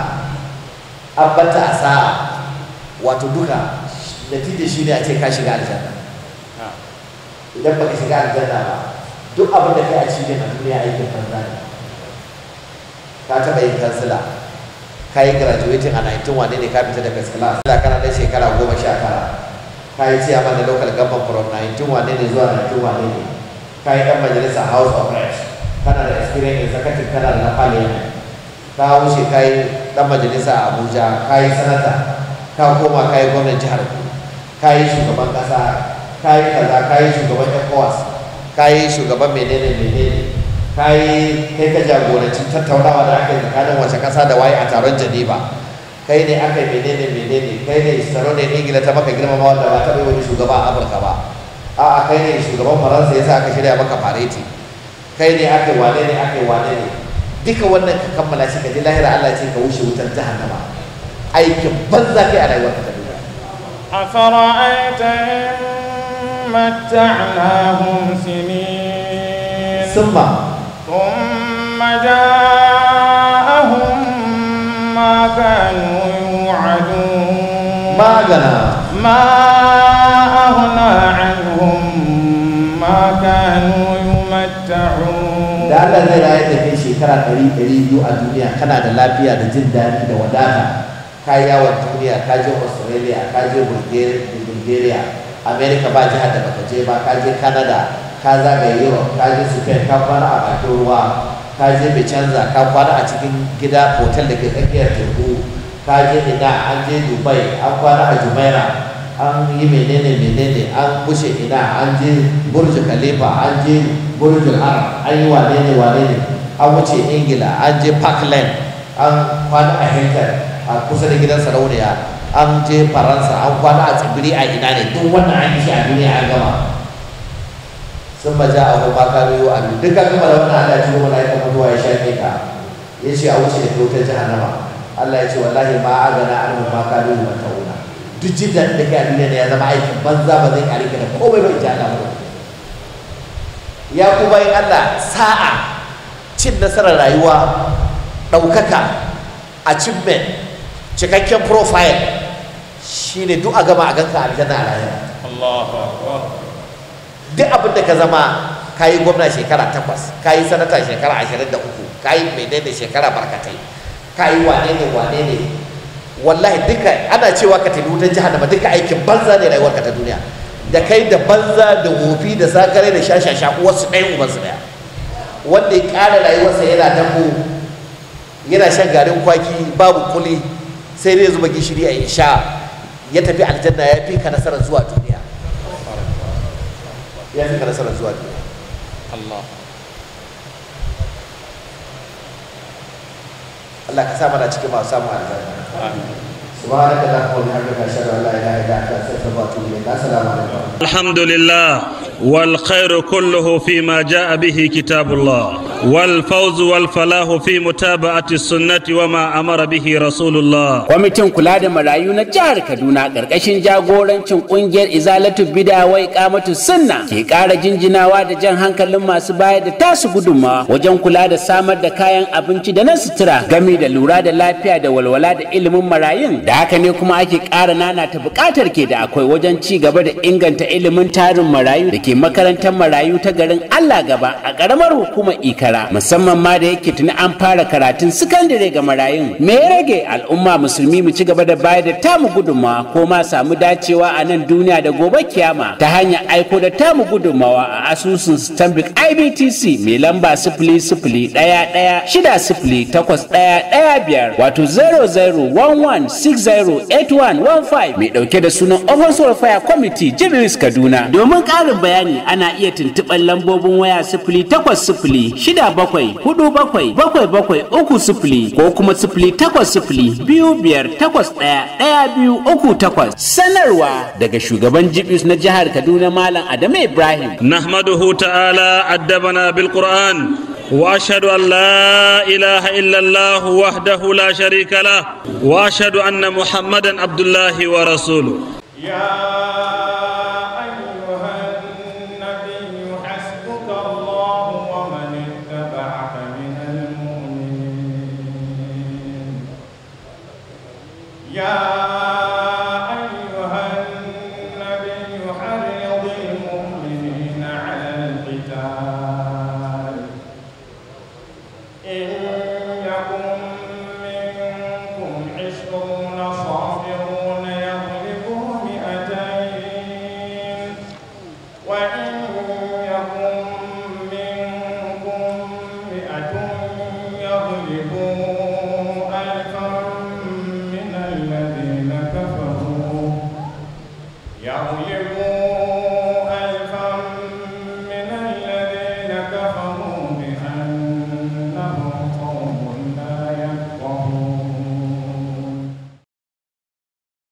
an bata a sa'a wato duka natijar shi ne a ce ka shiga aljanna idan baka shiga aljanna ba duk abin da kai a cikin a duniya da fanta ne ka taɓa yin kansila ka yi graduating a 19 wane ne ka fita daga sila sila kana dai shekara goma sha tara ka yi ciyama da local government from 19 wane ne zuwa 19 wane ne ka yi ɗan majalisa house of reps kana da experience zakatin kana da na parliament ka wuce ka yi ɗan majalisa a abuja ka yi sanata ka koma ka yi gwamnan jihar ka yi shugaban kasa ka yi kaza ka yi shugaban ecowas ka yi shugaban menene menene ka yi kai ka jagoranci tattaunawa da aka yi tsakanin wace kasa da waye a taron geneva kai ne aka yi menene menene kai ne tsaro ne ingila ta maka ma wanda ba ta bai wani shugaba a amurka ba a'a kai ne shugaban faransa ya sa aka shirya maka fareti kai ne aka yi wane ne aka yi wane ne duka wannan ka kammala shi ka ji lahira allah ce ka wuce wutar jahannama aikin banza kai a rayuwar ka duniya afara'aita matta'nahum sinin summa thumma ja'ahum ma kanu yu'adun ma gana ma aghna anhum ma kanu yumatta'un da Allah zai rayar da kai shekara 100 200 a duniya kana da lafiya da jin daɗi da wadata ka yawon duniya ka je australia ka je bulgaria america ba jihar da baka je ba ka je canada ka zagaye europe ka je spain ka kwana a bakin ruwa ka je mai canza ka kwana a cikin gida hotel da ke tsakiyar teku ka je ina an je dubai an kwana a jumaira an yi menene menene an bushe ina an je burj khalifa an je Burj arab an yi wane ne wane ne an wuce ingila an je parkland an kwana a hankali. a kusa da gidan sarauniya an je faransa an kwana a tsibiri a ina ne duk wannan an shi a duniya an gama sun ba ja abu ba ka biyo a duk ka kuma da wannan ala ji wani goma lafiya mutuwa ya shafe ka ya ce a wuce da kyautar jahannama Allah ya ce wallahi ma a gana an mu ma ka biyo wa ta'una duk jidda da ke a duniya ne ya zama aikin banza ba zai kare da komai bai ji Allah ba ya kuma yin Allah sa'a cin nasarar rayuwa ɗaukaka achievement cikakken profile ne duk a gama a ganka aljanna a rayuwa duk abin da ka zama ka yi gwamna shekara takwas yi sanata shekara ashirin da uku mai daidai shekara barkatai ka yi wane ne wane ne wallahi duka ana cewa ka tafi da ba duka aikin banza ne rayuwarka ta duniya da kai da banza da wofi da sakare da shashasha uwarsu ɗaya su ɗaya wanda ya ƙara rayuwarsa yana dambo yana shan garin kwaki babu kuli sai dai zuba gishiri a isha ya tafi aljanna ya fi ka nasarar zuwa duniya ya fi ka nasarar zuwa duniya Allah Allah ka sa mana cikin masu samun aljanna amin الحمد لله والخير كله فيما جاء به كتاب الله والفوز والفلاح في متابعة السنة وما أمر به رسول الله ومتن كلا دا مرايو نجار كدونا جا غورن چن قنجر إزالة بدا وإقامة السنة كي قارة جنجنا واد جن هنك لما سباية دا تاسو قدوما وجن كل هذا سامر دا كاين أبنچي دا نسترا غمي دا لورا دا لابيا دا والولا دا علم دا da haka ne kuma ake ƙara nana ta buƙatar ke da akwai wajen ci gaba da inganta ilimin tarin marayu da ke makarantar marayu ta garin Allah gaba a ƙaramar hukumar Ikara musamman ma da yake tuni an fara karatun sakandare ga marayun me ya rage al'umma musulmi mu ci gaba da bayar da tamu gudummawa ko ma samu dacewa a nan duniya da gobe kiyama ta hanyar aiko da tamu gudummawa a asusun Stanbic IBTC mai lamba sifili sifili ɗaya ɗaya shida sifili takwas ɗaya ɗaya biyar wato zero zero one one six 0815 mai dauke da sunan Open Solar Fire Committee Jibiris Kaduna. Domin ƙarin bayani ana iya tuntuɓar lambobin waya sifili takwas sifili shida bakwai hudu bakwai bakwai bakwai uku sifili ko kuma sifili takwas sifili biyu biyar takwas ɗaya ɗaya biyu uku takwas. Sanarwa daga shugaban Jibiris na jihar Kaduna Malam Adamu Ibrahim. Nahmaduhu ta'ala addabana bil Qur'an. واشهد ان لا اله الا الله وحده لا شريك له واشهد ان محمدا عبد الله ورسوله يا